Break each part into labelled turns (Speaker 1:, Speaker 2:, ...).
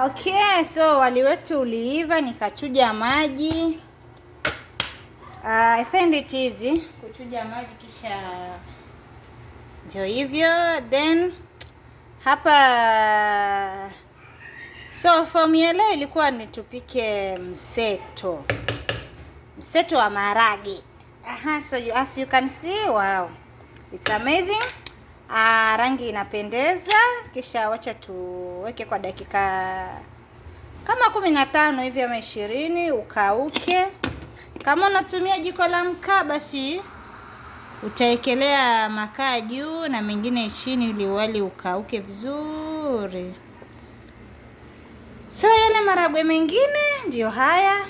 Speaker 1: Okay, so wali wetu uliiva, nikachuja maji. Uh, I find it easy kuchuja maji kisha ndio hivyo, then hapa. So fomu ya leo ilikuwa ni tupike mseto, mseto wa maharage. Aha, so you, as you can see, wow, it's amazing. Aa, ah, rangi inapendeza. Kisha wacha tuweke kwa dakika kama kumi na tano hivi ama ishirini ukauke. Kama unatumia jiko la mkaa, basi utaekelea makaa juu na mengine chini, ili wali ukauke vizuri. So yale maragwe mengine ndiyo haya,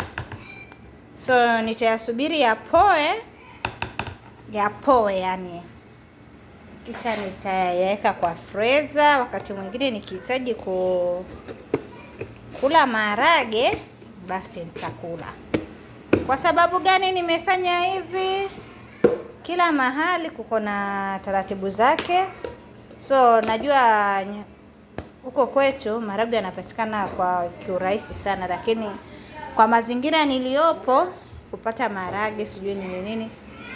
Speaker 1: so nitayasubiri yapoe, yapoe yani kisha nitayaweka kwa freza. Wakati mwingine nikihitaji ku kula maharage, basi nitakula. Kwa sababu gani nimefanya hivi? Kila mahali kuko na taratibu zake, so najua huko kwetu maharage yanapatikana kwa kiurahisi sana, lakini kwa mazingira niliyopo kupata maharage sijui ni nini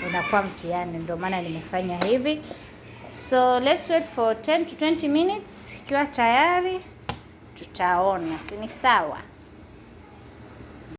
Speaker 1: inakuwa mtihani, ndio maana nimefanya hivi. So let's wait for 10 to 20 minutes. Ikiwa tayari tutaona, si ni sawa?